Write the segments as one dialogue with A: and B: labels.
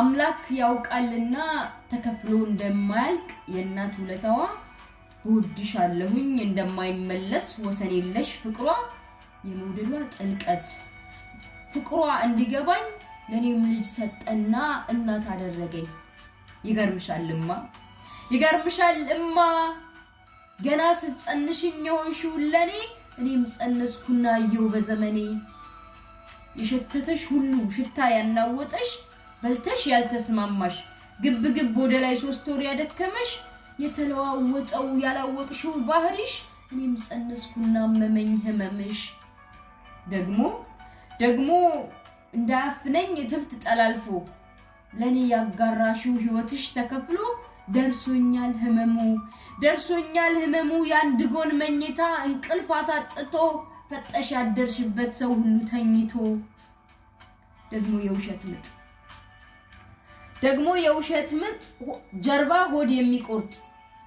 A: አምላክ ያውቃልና ተከፍሎ እንደማያልቅ የእናት ውለታዋ አለሁኝ እንደማይመለስ ወሰን የለሽ ፍቅሯ የመውደዷ ጥልቀት ፍቅሯ እንዲገባኝ ለእኔም ልጅ ሰጠና እናት አደረገኝ። ይገርምሻልማ ይገርምሻልማ ገና ስትጸንሽኝ የሆንሽውን ለእኔ እኔም ጸነስኩና አየሁ በዘመኔ የሸተተሽ ሁሉ ሽታ ያናወጠሽ በልተሽ ያልተስማማሽ ግብ ግብ ወደ ላይ ሶስት ወር ያደከመሽ የተለዋወጠው ያላወቅሽው ባህሪሽ እኔም ጸነስኩና መመኝ ህመምሽ ደግሞ ደግሞ እንዳያፍነኝ ትብት ጠላልፎ ለእኔ ያጋራሽው ህይወትሽ ተከፍሎ ደርሶኛል ህመሙ ደርሶኛል ህመሙ የአንድ ጎን መኝታ እንቅልፍ አሳጥቶ ፈጠሽ ያደርሽበት ሰው ሁሉ ተኝቶ ደግሞ የውሸት ምጥ ደግሞ የውሸት ምጥ ጀርባ ሆድ የሚቆርጥ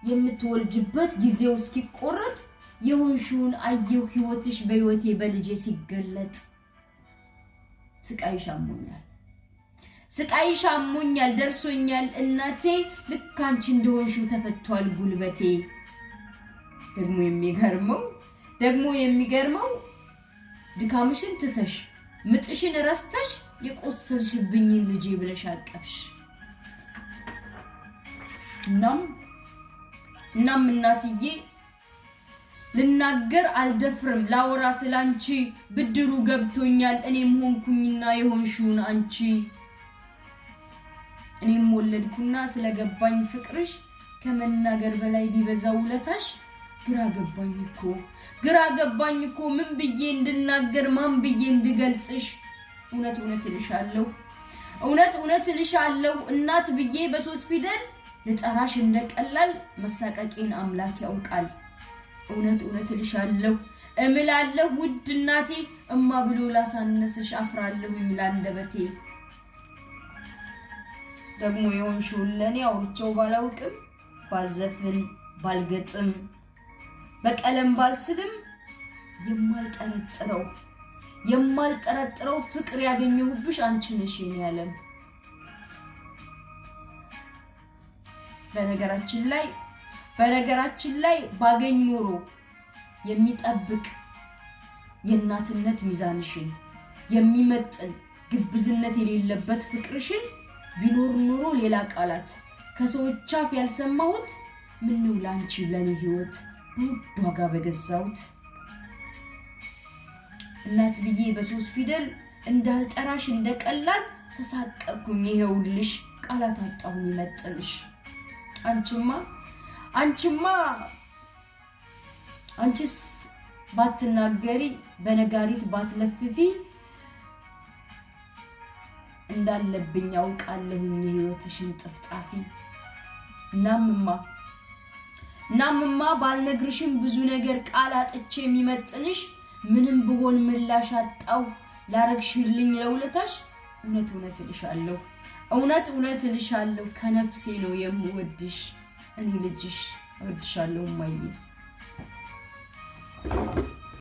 A: የምትወልጅበት ጊዜው እስኪቆረጥ የሆንሽውን አየሁ ህይወትሽ በህይወቴ በልጄ ሲገለጥ ስቃይ ሻሙኛል ስቃይሽ ሻሙኛል ደርሶኛል እናቴ ልክ አንቺ እንደሆንሽው ተፈቷል ጉልበቴ። ደግሞ የሚገርመው ደግሞ የሚገርመው ድካምሽን ትተሽ ምጥሽን ረስተሽ የቆሰልሽብኝን ልጄ ብለሽ አቀፍሽ። እናም እናም እናትዬ ልናገር አልደፍርም ላወራ ስላንቺ ብድሩ ገብቶኛል እኔም ሆንኩኝና የሆንሽውን አንቺ እኔም ወለድኩና ስለገባኝ ፍቅርሽ ከመናገር በላይ ቢበዛ ውለታሽ ግራ ገባኝ እኮ ግራ ገባኝ እኮ ምን ብዬ እንድናገር ማን ብዬ እንድገልጽሽ እውነት እውነት እልሻለሁ እውነት እውነት እልሻለሁ እናት ብዬ በሶስት ፊደል ልጠራሽ እንደቀላል መሳቀቄን አምላክ ያውቃል። እውነት እውነት እልሻለሁ እምላለሁ ውድ እናቴ እማ ብሎ ላሳነሰሽ አፍራለሁ ላንደበቴ። ደግሞ የሆንሽውን ለእኔ አውርቼው ባላውቅም ባልዘፍን ባልገጥም በቀለም ባልስልም የማልጠረጥረው የማልጠረጥረው ፍቅር ያገኘሁብሽ አንቺ ነሽ የኔ ዓለም። በነገራችን ላይ በነገራችን ላይ ባገኝ ኖሮ የሚጠብቅ የእናትነት ሚዛንሽን የሚመጥን ግብዝነት የሌለበት ፍቅርሽን ቢኖር ኖሮ ሌላ ቃላት ከሰዎች አፍ ያልሰማሁት ምነው ላንቺ ለኔ ህይወት በውድ ዋጋ በገዛሁት እናት ብዬ በሶስት ፊደል እንዳልጠራሽ እንደቀላል ተሳቀቅኩኝ። ይሄውልሽ ቃላት አጣሁኝ መጥንሽ አንቺማ አንቺማ አንቺስ ባትናገሪ በነጋሪት ባትለፍፊ እንዳለብኝ አውቃለሁኝ የህይወትሽን ጥፍጣፊ። እናምማ እናምማ ባልነግርሽም ብዙ ነገር ቃል አጥቼ የሚመጥንሽ ምንም ብሆን ምላሽ አጣው ላረግሽልኝ ለውለታሽ እውነት እውነት እልሻለሁ። እውነት እውነት እልሻለሁ ከነፍሴ ነው የምወድሽ እኔ ልጅሽ እወድሻለሁ እማዬ